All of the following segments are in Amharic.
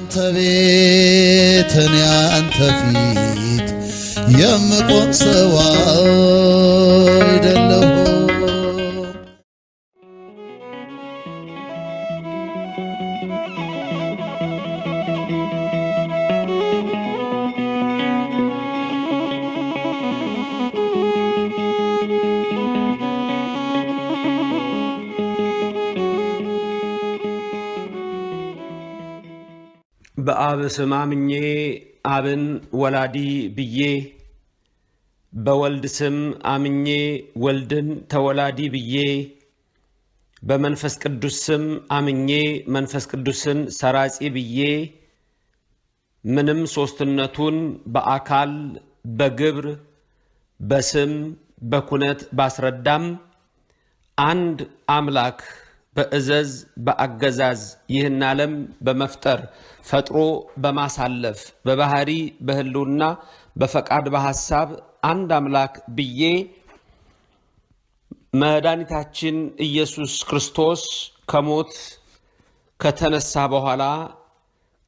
አንተ ቤት እኔ አንተ ፊት የምቆም ሰው አይደለም። ስም አምኜ አብን ወላዲ ብዬ በወልድ ስም አምኜ ወልድን ተወላዲ ብዬ በመንፈስ ቅዱስ ስም አምኜ መንፈስ ቅዱስን ሰራጺ ብዬ ምንም ሦስትነቱን በአካል በግብር በስም በኩነት ባስረዳም አንድ አምላክ በእዘዝ በአገዛዝ ይህን ዓለም በመፍጠር ፈጥሮ በማሳለፍ በባህሪ በህልውና በፈቃድ በሐሳብ አንድ አምላክ ብዬ መድኃኒታችን ኢየሱስ ክርስቶስ ከሞት ከተነሳ በኋላ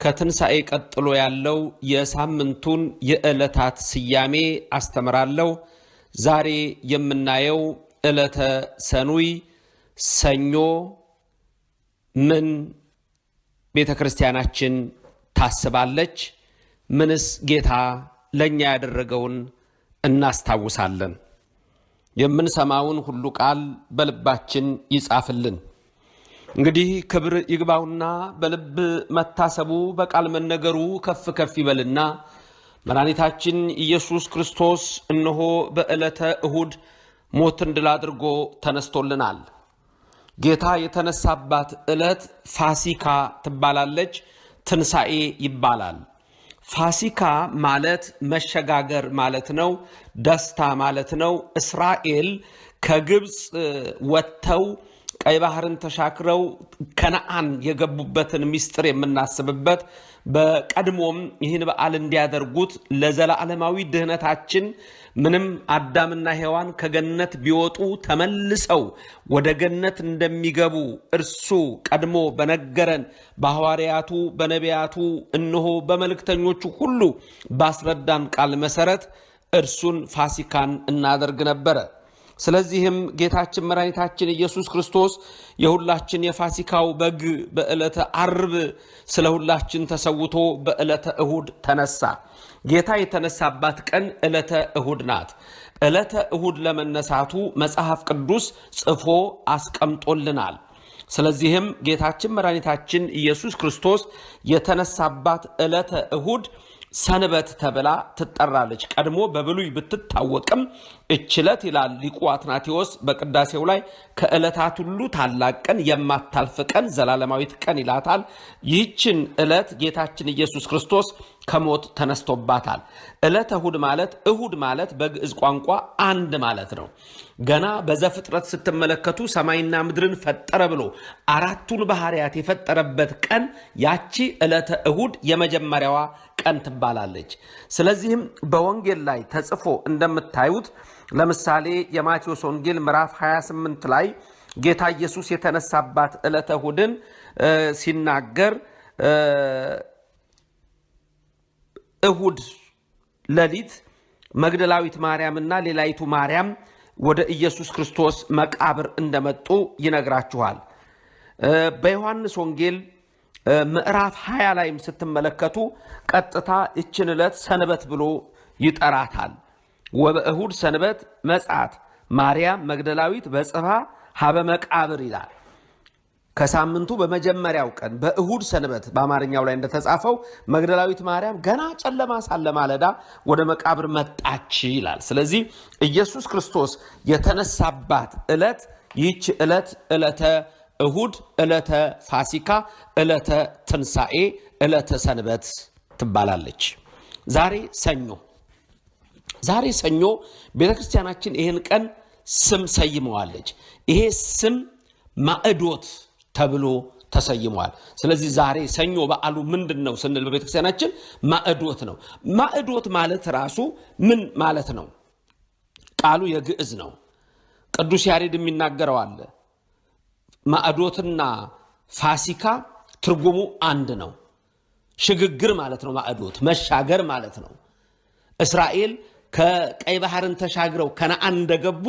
ከትንሣኤ ቀጥሎ ያለው የሳምንቱን የዕለታት ስያሜ አስተምራለሁ። ዛሬ የምናየው ዕለተ ሰኑይ ሰኞ ምን ቤተ ክርስቲያናችን ታስባለች? ምንስ ጌታ ለእኛ ያደረገውን እናስታውሳለን? የምንሰማውን ሁሉ ቃል በልባችን ይጻፍልን። እንግዲህ ክብር ይግባውና በልብ መታሰቡ በቃል መነገሩ ከፍ ከፍ ይበልና መድኃኒታችን ኢየሱስ ክርስቶስ እነሆ በዕለተ እሁድ ሞትን ድል አድርጎ ተነስቶልናል። ጌታ የተነሳባት ዕለት ፋሲካ ትባላለች፣ ትንሣኤ ይባላል። ፋሲካ ማለት መሸጋገር ማለት ነው፣ ደስታ ማለት ነው። እስራኤል ከግብፅ ወጥተው ቀይ ባህርን ተሻክረው ከነአን የገቡበትን ምስጢር የምናስብበት በቀድሞም ይህን በዓል እንዲያደርጉት ለዘላለማዊ ድህነታችን ምንም አዳምና ሔዋን ከገነት ቢወጡ ተመልሰው ወደ ገነት እንደሚገቡ እርሱ ቀድሞ በነገረን በሐዋርያቱ፣ በነቢያቱ እነሆ በመልእክተኞቹ ሁሉ ባስረዳን ቃል መሰረት እርሱን ፋሲካን እናደርግ ነበረ። ስለዚህም ጌታችን መድኃኒታችን ኢየሱስ ክርስቶስ የሁላችን የፋሲካው በግ በዕለተ አርብ ስለ ሁላችን ተሰውቶ በዕለተ እሁድ ተነሳ። ጌታ የተነሳባት ቀን ዕለተ እሁድ ናት። ዕለተ እሁድ ለመነሳቱ መጽሐፍ ቅዱስ ጽፎ አስቀምጦልናል። ስለዚህም ጌታችን መድኃኒታችን ኢየሱስ ክርስቶስ የተነሳባት ዕለተ እሁድ ሰንበት ተብላ ትጠራለች። ቀድሞ በብሉይ ብትታወቅም እችለት ይላል ሊቁ አትናቴዎስ በቅዳሴው ላይ ከዕለታት ሁሉ ታላቅ ቀን የማታልፍ ቀን ዘላለማዊት ቀን ይላታል። ይህችን ዕለት ጌታችን ኢየሱስ ክርስቶስ ከሞት ተነስቶባታል። ዕለተ እሁድ ማለት እሁድ ማለት በግዕዝ ቋንቋ አንድ ማለት ነው። ገና በዘፍጥረት ስትመለከቱ ሰማይና ምድርን ፈጠረ ብሎ አራቱን ባህርያት የፈጠረበት ቀን ያቺ ዕለተ እሁድ የመጀመሪያዋ ቀን ትባላለች። ስለዚህም በወንጌል ላይ ተጽፎ እንደምታዩት ለምሳሌ የማቴዎስ ወንጌል ምዕራፍ 28 ላይ ጌታ ኢየሱስ የተነሳባት ዕለተ እሁድን ሲናገር እሁድ ሌሊት መግደላዊት ማርያምና ሌላይቱ ማርያም ወደ ኢየሱስ ክርስቶስ መቃብር እንደመጡ ይነግራችኋል። በዮሐንስ ወንጌል ምዕራፍ 20 ላይም ስትመለከቱ ቀጥታ ይችን ዕለት ሰንበት ብሎ ይጠራታል። ወበእሁድ ሰንበት መጽአት ማርያም መግደላዊት በጽፋ ሀበ መቃብር ይላል። ከሳምንቱ በመጀመሪያው ቀን በእሁድ ሰንበት በአማርኛው ላይ እንደተጻፈው መግደላዊት ማርያም ገና ጨለማ ሳለ ማለዳ ወደ መቃብር መጣች ይላል። ስለዚህ ኢየሱስ ክርስቶስ የተነሳባት ዕለት ይህች ዕለት ዕለተ እሁድ፣ ዕለተ ፋሲካ፣ ዕለተ ትንሣኤ፣ ዕለተ ሰንበት ትባላለች። ዛሬ ሰኞ ዛሬ ሰኞ ቤተ ክርስቲያናችን ይህን ቀን ስም ሰይመዋለች። ይሄ ስም ማዕዶት ተብሎ ተሰይመዋል። ስለዚህ ዛሬ ሰኞ በዓሉ ምንድን ነው ስንል በቤተ ክርስቲያናችን ማዕዶት ነው። ማዕዶት ማለት ራሱ ምን ማለት ነው? ቃሉ የግዕዝ ነው። ቅዱስ ያሬድ የሚናገረው አለ። ማዕዶትና ፋሲካ ትርጉሙ አንድ ነው። ሽግግር ማለት ነው። ማዕዶት መሻገር ማለት ነው። እስራኤል ከቀይ ባህርን ተሻግረው ከነአን እንደገቡ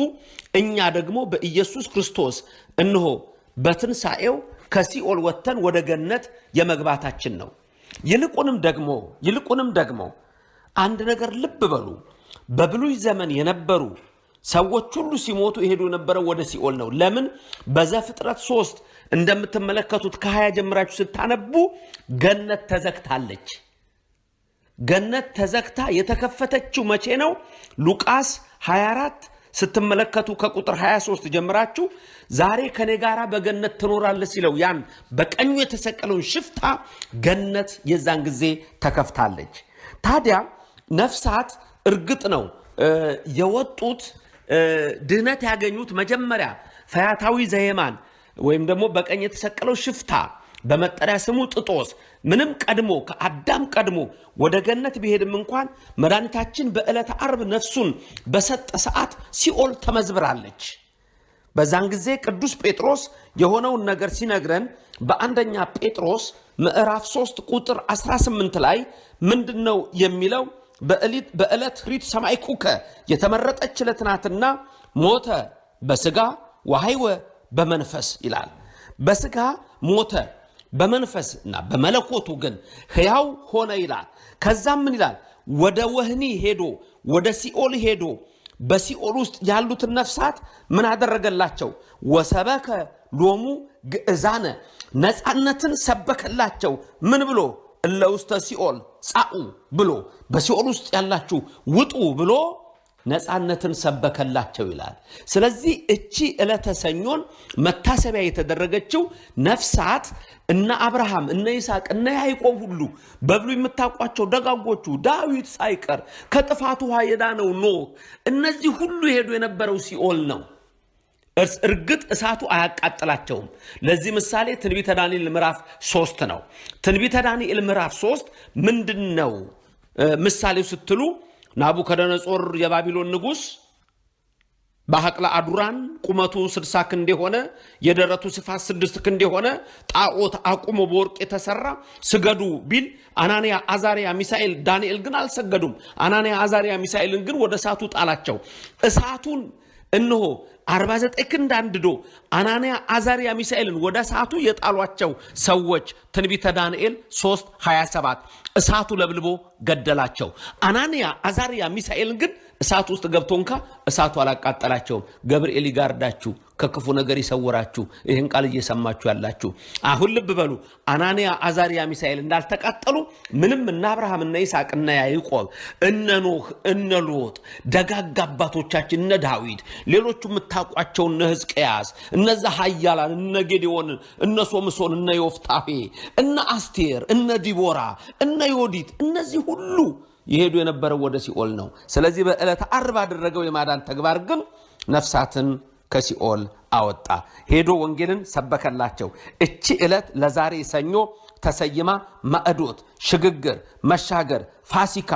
እኛ ደግሞ በኢየሱስ ክርስቶስ እንሆ በትንሣኤው ከሲኦል ወጥተን ወደ ገነት የመግባታችን ነው። ይልቁንም ደግሞ ይልቁንም ደግሞ አንድ ነገር ልብ በሉ። በብሉይ ዘመን የነበሩ ሰዎች ሁሉ ሲሞቱ ይሄዱ የነበረው ወደ ሲኦል ነው። ለምን? በዘፍጥረት ሶስት እንደምትመለከቱት ከሀያ ጀምራችሁ ስታነቡ ገነት ተዘግታለች። ገነት ተዘግታ የተከፈተችው መቼ ነው? ሉቃስ 24 ስትመለከቱ ከቁጥር 23 ጀምራችሁ ዛሬ ከኔ ጋራ በገነት ትኖራለህ ሲለው ያን በቀኙ የተሰቀለውን ሽፍታ ገነት የዛን ጊዜ ተከፍታለች። ታዲያ ነፍሳት እርግጥ ነው የወጡት ድህነት ያገኙት መጀመሪያ ፈያታዊ ዘየማን ወይም ደግሞ በቀኝ የተሰቀለው ሽፍታ በመጠሪያ ስሙ ጥጦስ ምንም ቀድሞ ከአዳም ቀድሞ ወደ ገነት ቢሄድም እንኳን መድኃኒታችን በዕለተ አርብ ነፍሱን በሰጠ ሰዓት ሲኦል ተመዝብራለች። በዛን ጊዜ ቅዱስ ጴጥሮስ የሆነውን ነገር ሲነግረን በአንደኛ ጴጥሮስ ምዕራፍ 3 ቁጥር 18 ላይ ምንድን ነው የሚለው? በዕለት ሪት ሰማይ ኩከ የተመረጠች ዕለት ናትና ሞተ በስጋ ወሐይወ በመንፈስ ይላል። በስጋ ሞተ በመንፈስ እና በመለኮቱ ግን ሕያው ሆነ ይላል። ከዛም ምን ይላል? ወደ ወህኒ ሄዶ ወደ ሲኦል ሄዶ በሲኦል ውስጥ ያሉትን ነፍሳት ምን አደረገላቸው? ወሰበከ ሎሙ ግእዛነ ነፃነትን ሰበከላቸው። ምን ብሎ እለ ውስተ ሲኦል ጻኡ ብሎ በሲኦል ውስጥ ያላችሁ ውጡ ብሎ ነፃነትን ሰበከላቸው ይላል። ስለዚህ እቺ ዕለተ ሰኞን መታሰቢያ የተደረገችው ነፍሳት እነ አብርሃም እነ ይስሐቅ እነ ያዕቆብ ሁሉ በብሉ የምታውቋቸው ደጋጎቹ ዳዊት ሳይቀር ከጥፋት ውሃ የዳነው ኖህ እነዚህ ሁሉ ሄዱ የነበረው ሲኦል ነው። እርግጥ እሳቱ አያቃጥላቸውም። ለዚህ ምሳሌ ትንቢተ ዳንኤል ምዕራፍ ሶስት ነው። ትንቢተ ዳንኤል ምዕራፍ ሶስት ምንድን ነው ምሳሌው ስትሉ ናቡከደነጾር የባቢሎን ንጉሥ በሐቅለ አዱራን ቁመቱ ስድሳ ክንድ የሆነ የደረቱ ስፋት ስድስት ክንድ የሆነ ጣዖት አቁሞ በወርቅ የተሰራ ስገዱ ቢል አናንያ፣ አዛሪያ፣ ሚሳኤል፣ ዳንኤል ግን አልሰገዱም። አናንያ፣ አዛሪያ፣ ሚሳኤልን ግን ወደ እሳቱ ጣላቸው። እሳቱን እነሆ 49 ክንድ አንድዶ አናንያ አዛርያ ሚሳኤልን ወደ እሳቱ የጣሏቸው ሰዎች ትንቢተ ዳንኤል 3 27 እሳቱ ለብልቦ ገደላቸው። አናንያ አዛርያ ሚሳኤልን ግን እሳት ውስጥ ገብቶ እንካ እሳቱ አላቃጠላቸውም። ገብርኤል ይጋርዳችሁ፣ ከክፉ ነገር ይሰውራችሁ። ይህን ቃል እየሰማችሁ ያላችሁ አሁን ልብ በሉ። አናንያ፣ አዛሪያ፣ ሚሳኤል እንዳልተቃጠሉ ምንም እነ አብርሃም እነ ይስሐቅ እነ ያዕቆብ እነ ኖህ እነ ሎጥ ደጋግ አባቶቻችን እነ ዳዊት ሌሎቹ የምታውቋቸው እነ ሕዝቅያስ እነዚ ሀያላን እነ ጌዴዎን እነ ሶምሶን እነ ዮፍታፌ እነ አስቴር እነ ዲቦራ እነ ዮዲት እነዚህ ሁሉ ይሄዱ የነበረው ወደ ሲኦል ነው። ስለዚህ በዕለተ ዓርብ ባደረገው የማዳን ተግባር ግን ነፍሳትን ከሲኦል አወጣ። ሄዶ ወንጌልን ሰበከላቸው። እቺ ዕለት ለዛሬ ሰኞ ተሰይማ ማዕዶት፣ ሽግግር፣ መሻገር፣ ፋሲካ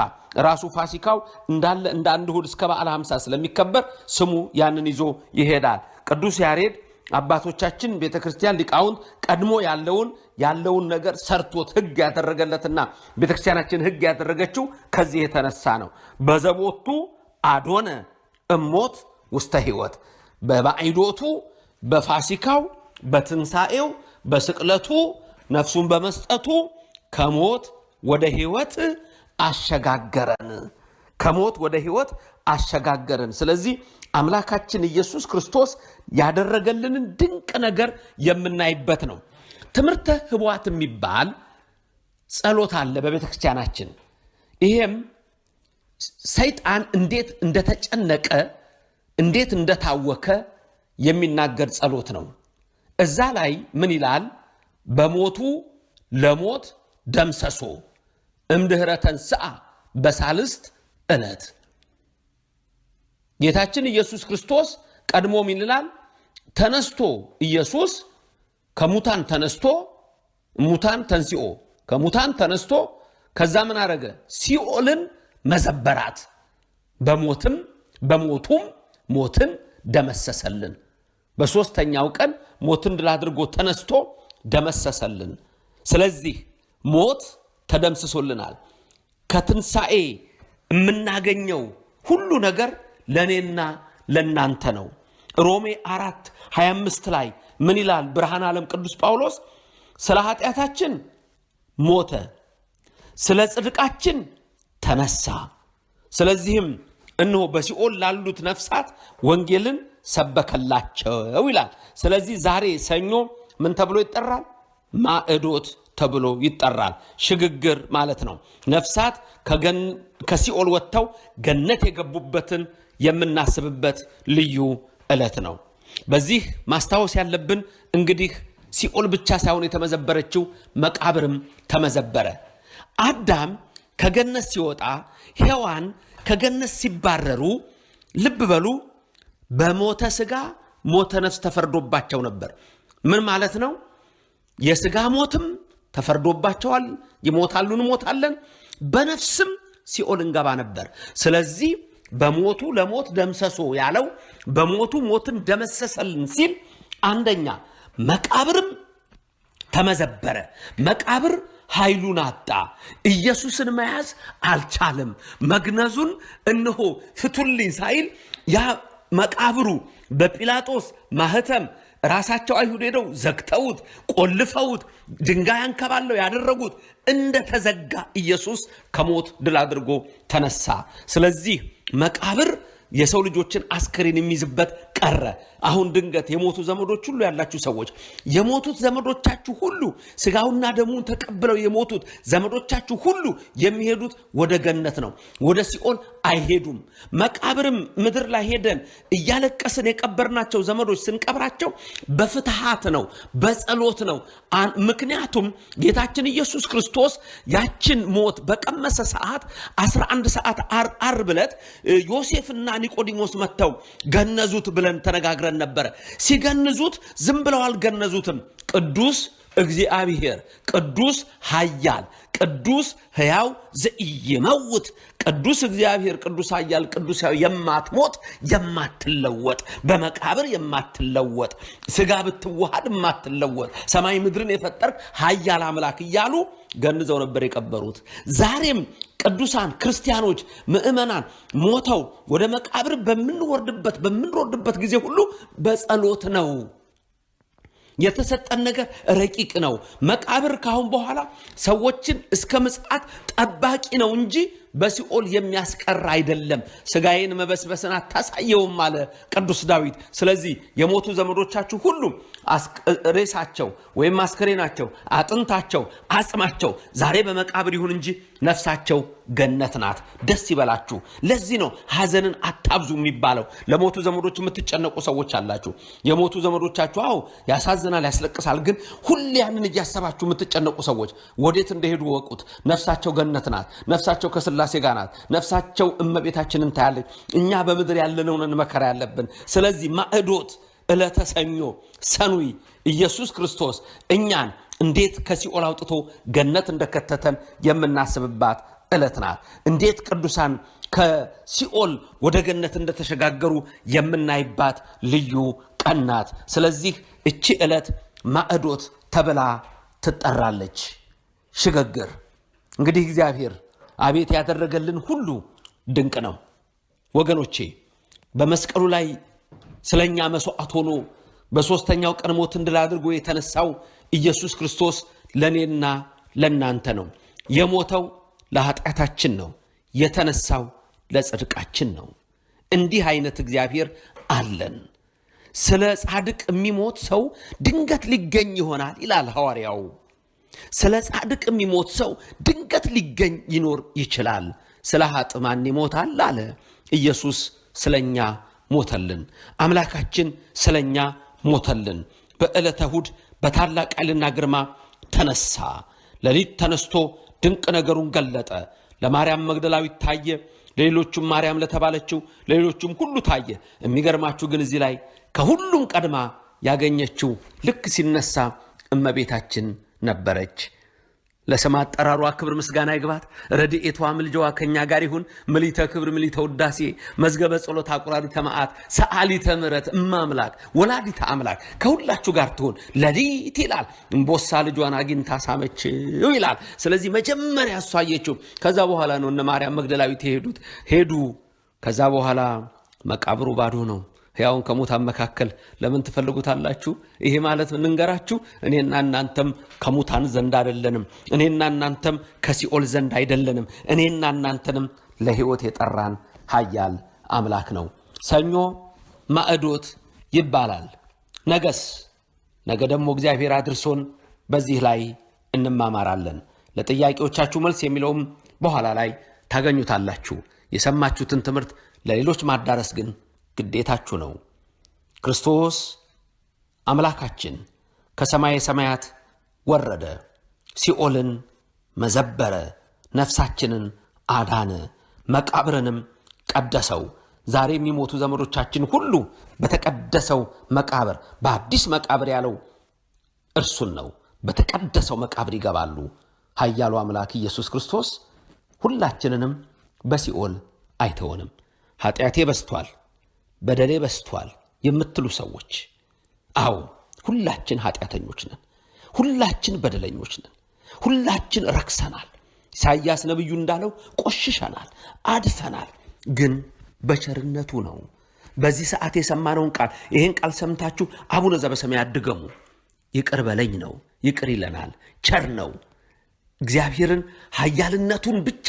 ራሱ ፋሲካው እንዳለ እንደ አንድ እስከ በዓለ ሃምሳ ስለሚከበር ስሙ ያንን ይዞ ይሄዳል። ቅዱስ ያሬድ አባቶቻችን ቤተ ክርስቲያን ሊቃውንት ቀድሞ ያለውን ያለውን ነገር ሰርቶት ሕግ ያደረገለትና ቤተ ክርስቲያናችን ሕግ ያደረገችው ከዚህ የተነሳ ነው። በዘቦቱ አዶነ እሞት ውስተ ሕይወት በባዕዶቱ በፋሲካው በትንሣኤው በስቅለቱ ነፍሱን በመስጠቱ ከሞት ወደ ሕይወት አሸጋገረን። ከሞት ወደ ህይወት አሸጋገረን። ስለዚህ አምላካችን ኢየሱስ ክርስቶስ ያደረገልንን ድንቅ ነገር የምናይበት ነው። ትምህርተ ህቡዓት የሚባል ጸሎት አለ በቤተ ክርስቲያናችን። ይሄም ሰይጣን እንዴት እንደተጨነቀ እንዴት እንደታወከ የሚናገር ጸሎት ነው። እዛ ላይ ምን ይላል? በሞቱ ለሞት ደምሰሶ እምድኅረ ተንሥአ በሳልስት ዕለት ጌታችን ኢየሱስ ክርስቶስ ቀድሞ ምን ይላል? ተነስቶ ኢየሱስ ከሙታን ተነስቶ ሙታን ተንሲኦ ከሙታን ተነስቶ ከዛ ምን አረገ? ሲኦልን መዘበራት፣ በሞትም በሞቱም ሞትን ደመሰሰልን። በሶስተኛው ቀን ሞትን ድል አድርጎ ተነስቶ ደመሰሰልን። ስለዚህ ሞት ተደምስሶልናል ከትንሣኤ የምናገኘው ሁሉ ነገር ለእኔና ለእናንተ ነው። ሮሜ አራት 25 ላይ ምን ይላል? ብርሃን ዓለም ቅዱስ ጳውሎስ ስለ ኃጢአታችን ሞተ፣ ስለ ጽድቃችን ተነሳ። ስለዚህም እነሆ በሲኦል ላሉት ነፍሳት ወንጌልን ሰበከላቸው ይላል። ስለዚህ ዛሬ ሰኞ ምን ተብሎ ይጠራል? ማዕዶት ተብሎ ይጠራል። ሽግግር ማለት ነው። ነፍሳት ከሲኦል ወጥተው ገነት የገቡበትን የምናስብበት ልዩ ዕለት ነው። በዚህ ማስታወስ ያለብን እንግዲህ ሲኦል ብቻ ሳይሆን የተመዘበረችው መቃብርም ተመዘበረ። አዳም ከገነት ሲወጣ፣ ሔዋን ከገነት ሲባረሩ ልብ በሉ በሞተ ስጋ ሞተ ነፍስ ተፈርዶባቸው ነበር። ምን ማለት ነው? የስጋ ሞትም ተፈርዶባቸዋል። ይሞታሉ፣ እንሞታለን። በነፍስም ሲኦል እንገባ ነበር። ስለዚህ በሞቱ ለሞት ደምሰሶ ያለው በሞቱ ሞትን ደመሰሰልን ሲል አንደኛ መቃብርም ተመዘበረ። መቃብር ኃይሉን አጣ። ኢየሱስን መያዝ አልቻለም። መግነዙን እነሆ ፍቱልኝ ሳይል ያ መቃብሩ በጲላጦስ ማህተም ራሳቸው አይሁድ ሄደው ዘግተውት ቆልፈውት ድንጋይ አንከባለው ያደረጉት እንደተዘጋ ኢየሱስ ከሞት ድል አድርጎ ተነሳ። ስለዚህ መቃብር የሰው ልጆችን አስከሬን የሚይዝበት ቀረ። አሁን ድንገት የሞቱ ዘመዶች ሁሉ ያላችሁ ሰዎች የሞቱት ዘመዶቻችሁ ሁሉ ስጋውና ደሙን ተቀብለው የሞቱት ዘመዶቻችሁ ሁሉ የሚሄዱት ወደ ገነት ነው፣ ወደ ሲኦል አይሄዱም። መቃብርም ምድር ላይ ሄደን እያለቀስን የቀበርናቸው ዘመዶች ስንቀብራቸው በፍትሃት ነው፣ በጸሎት ነው። ምክንያቱም ጌታችን ኢየሱስ ክርስቶስ ያችን ሞት በቀመሰ ሰዓት 11 ሰዓት ዓርብ ዕለት ዮሴፍና ኒቆዲሞስ መጥተው ገነዙት ብለን ተነጋግረ ነበር። ሲገንዙት ዝም ብለው አልገነዙትም። ቅዱስ እግዚአብሔር ቅዱስ ኃያል ቅዱስ ሕያው ዘኢይመውት ቅዱስ እግዚአብሔር ቅዱስ ኃያል ቅዱስ ሕያው የማትሞት የማትለወጥ በመቃብር የማትለወጥ ስጋ ብትዋሃድ የማትለወጥ ሰማይ ምድርን የፈጠር ኃያል አምላክ እያሉ ገንዘው ነበር የቀበሩት። ዛሬም ቅዱሳን ክርስቲያኖች ምእመናን ሞተው ወደ መቃብር በምንወርድበት በምንወርድበት ጊዜ ሁሉ በጸሎት ነው። የተሰጠን ነገር ረቂቅ ነው። መቃብር ካሁን በኋላ ሰዎችን እስከ ምጽአት ጠባቂ ነው እንጂ በሲኦል የሚያስቀር አይደለም። ስጋዬን መበስበስን አታሳየውም አለ ቅዱስ ዳዊት። ስለዚህ የሞቱ ዘመዶቻችሁ ሁሉ ሬሳቸው ወይም አስከሬናቸው፣ አጥንታቸው፣ አጽማቸው ዛሬ በመቃብር ይሁን እንጂ ነፍሳቸው ገነት ናት። ደስ ይበላችሁ። ለዚህ ነው ሐዘንን አታብዙ የሚባለው። ለሞቱ ዘመዶች የምትጨነቁ ሰዎች አላችሁ። የሞቱ ዘመዶቻችሁ አዎ ያሳዝናል፣ ያስለቅሳል። ግን ሁሌ ያንን እያሰባችሁ የምትጨነቁ ሰዎች ወዴት እንደሄዱ ወቁት። ነፍሳቸው ገነት ናት። ነፍሳቸው ከስላሴ ጋር ናት። ነፍሳቸው እመቤታችንን ታያለች። እኛ በምድር ያለነውን መከራ ያለብን። ስለዚህ ማዕዶት ዕለተ ሰኞ ሰኑይ ኢየሱስ ክርስቶስ እኛን እንዴት ከሲኦል አውጥቶ ገነት እንደከተተን የምናስብባት ዕለት ናት። እንዴት ቅዱሳን ከሲኦል ወደ ገነት እንደተሸጋገሩ የምናይባት ልዩ ቀን ናት። ስለዚህ እቺ ዕለት ማዕዶት ተብላ ትጠራለች። ሽግግር እንግዲህ እግዚአብሔር አቤት ያደረገልን ሁሉ ድንቅ ነው ወገኖቼ። በመስቀሉ ላይ ስለ እኛ መስዋዕት ሆኖ በሦስተኛው ቀን ሞት እንድላድርጎ አድርጎ የተነሳው ኢየሱስ ክርስቶስ ለእኔና ለእናንተ ነው። የሞተው ለኃጢአታችን ነው፣ የተነሳው ለጽድቃችን ነው። እንዲህ አይነት እግዚአብሔር አለን። ስለ ጻድቅ የሚሞት ሰው ድንገት ሊገኝ ይሆናል ይላል ሐዋርያው። ስለ ጻድቅ የሚሞት ሰው ድንገት ሊገኝ ይኖር ይችላል። ስለ ሀጥማን ማን ይሞታል አለ ኢየሱስ ስለኛ ሞተልን። አምላካችን ስለኛ ሞተልን። በዕለተ እሑድ በታላቅ ኃይልና ግርማ ተነሳ። ሌሊት ተነስቶ ድንቅ ነገሩን ገለጠ። ለማርያም መግደላዊት ታየ፣ ለሌሎቹም ማርያም ለተባለችው ለሌሎቹም ሁሉ ታየ። የሚገርማችሁ ግን እዚህ ላይ ከሁሉም ቀድማ ያገኘችው ልክ ሲነሳ እመቤታችን ነበረች። ለስም አጠራሯ ክብር ምስጋና ይግባት። ረድኤቷ ምልጃዋ ከኛ ጋር ይሁን። ምሊተ ክብር፣ ምሊተ ውዳሴ፣ መዝገበ ጸሎት፣ አቁራሪተ መዓት፣ ሰዓሊተ ምሕረት፣ እማምላክ ወላዲተ አምላክ ከሁላችሁ ጋር ትሁን። ለሊት ይላል እምቦሳ ልጇን አግኝታ ሳመችው ይላል። ስለዚህ መጀመሪያ እሷ አየችው። ከዛ በኋላ ነው እነ ማርያም መግደላዊት የሄዱት ሄዱ። ከዛ በኋላ መቃብሩ ባዶ ነው። ሕያውን ከሙታን መካከል ለምን ትፈልጉታላችሁ? ይሄ ማለት እንንገራችሁ፣ እኔና እናንተም ከሙታን ዘንድ አይደለንም። እኔና እናንተም ከሲኦል ዘንድ አይደለንም። እኔና እናንተንም ለሕይወት የጠራን ኃያል አምላክ ነው። ሰኞ ማዕዶት ይባላል። ነገስ ነገ ደግሞ እግዚአብሔር አድርሶን በዚህ ላይ እንማማራለን። ለጥያቄዎቻችሁ መልስ የሚለውም በኋላ ላይ ታገኙታላችሁ። የሰማችሁትን ትምህርት ለሌሎች ማዳረስ ግን ግዴታችሁ ነው። ክርስቶስ አምላካችን ከሰማይ ሰማያት ወረደ፣ ሲኦልን መዘበረ፣ ነፍሳችንን አዳነ፣ መቃብርንም ቀደሰው። ዛሬ የሚሞቱ ዘመዶቻችን ሁሉ በተቀደሰው መቃብር በአዲስ መቃብር ያለው እርሱን ነው። በተቀደሰው መቃብር ይገባሉ። ኃያሉ አምላክ ኢየሱስ ክርስቶስ ሁላችንንም በሲኦል አይተውንም። ኃጢአቴ በዝቷል በደሌ በስቷል የምትሉ ሰዎች፣ አዎ ሁላችን ኃጢአተኞች ነን። ሁላችን በደለኞች ነን። ሁላችን ረክሰናል። ኢሳይያስ ነቢዩ እንዳለው ቆሽሸናል፣ አድፈናል። ግን በቸርነቱ ነው። በዚህ ሰዓት የሰማነውን ቃል ይህን ቃል ሰምታችሁ አቡነ ዘበሰማያት ድገሙ። ይቅር በለኝ ነው። ይቅር ይለናል። ቸር ነው። እግዚአብሔርን ኃያልነቱን ብቻ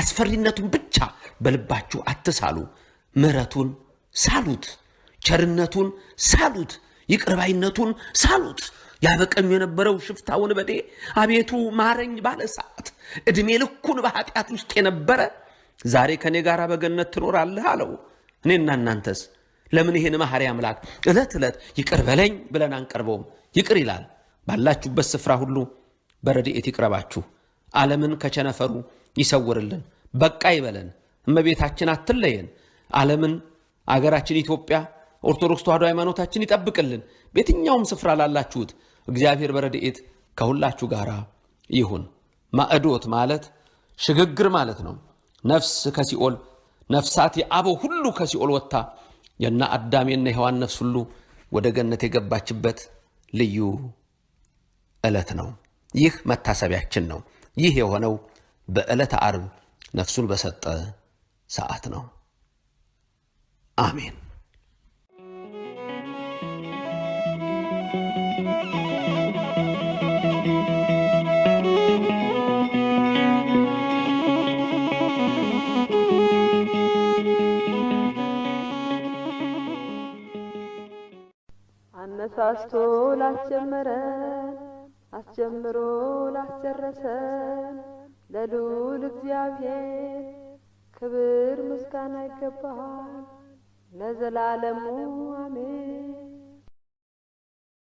አስፈሪነቱን ብቻ በልባችሁ አትሳሉ። ምሕረቱን ሳሉት፣ ቸርነቱን ሳሉት፣ ይቅርባይነቱን ሳሉት። ያበቀኙ የነበረው ሽፍታ ወንበዴ አቤቱ ማረኝ ባለ ሰዓት ዕድሜ ልኩን በኃጢአት ውስጥ የነበረ ዛሬ ከእኔ ጋር በገነት ትኖራለህ አለው። እኔና እናንተስ ለምን ይሄን መሐሪ አምላክ ዕለት ዕለት ይቅር በለኝ ብለን አንቀርበውም? ይቅር ይላል። ባላችሁበት ስፍራ ሁሉ በረድኤት ይቅረባችሁ። ዓለምን ከቸነፈሩ ይሰውርልን። በቃ ይበለን። እመቤታችን አትለየን። ዓለምን አገራችን ኢትዮጵያ ኦርቶዶክስ ተዋሕዶ ሃይማኖታችን ይጠብቅልን። በየትኛውም ስፍራ ላላችሁት እግዚአብሔር በረድኤት ከሁላችሁ ጋር ይሁን። ማዕዶት ማለት ሽግግር ማለት ነው። ነፍስ ከሲኦል ነፍሳት የአበው ሁሉ ከሲኦል ወጥታ የነ አዳም የነ ነፍስ ሁሉ ወደ ገነት የገባችበት ልዩ ዕለት ነው። ይህ መታሰቢያችን ነው። ይህ የሆነው በዕለተ ዓርብ ነፍሱን በሰጠ ሰዓት ነው። አሜን። አነሳስቶ ላስጀመረን አስጀምሮ ላስጨረሰን ለልዑል እግዚአብሔር ክብር ምስጋና ይገባል። ለዘላለሙ አሜን።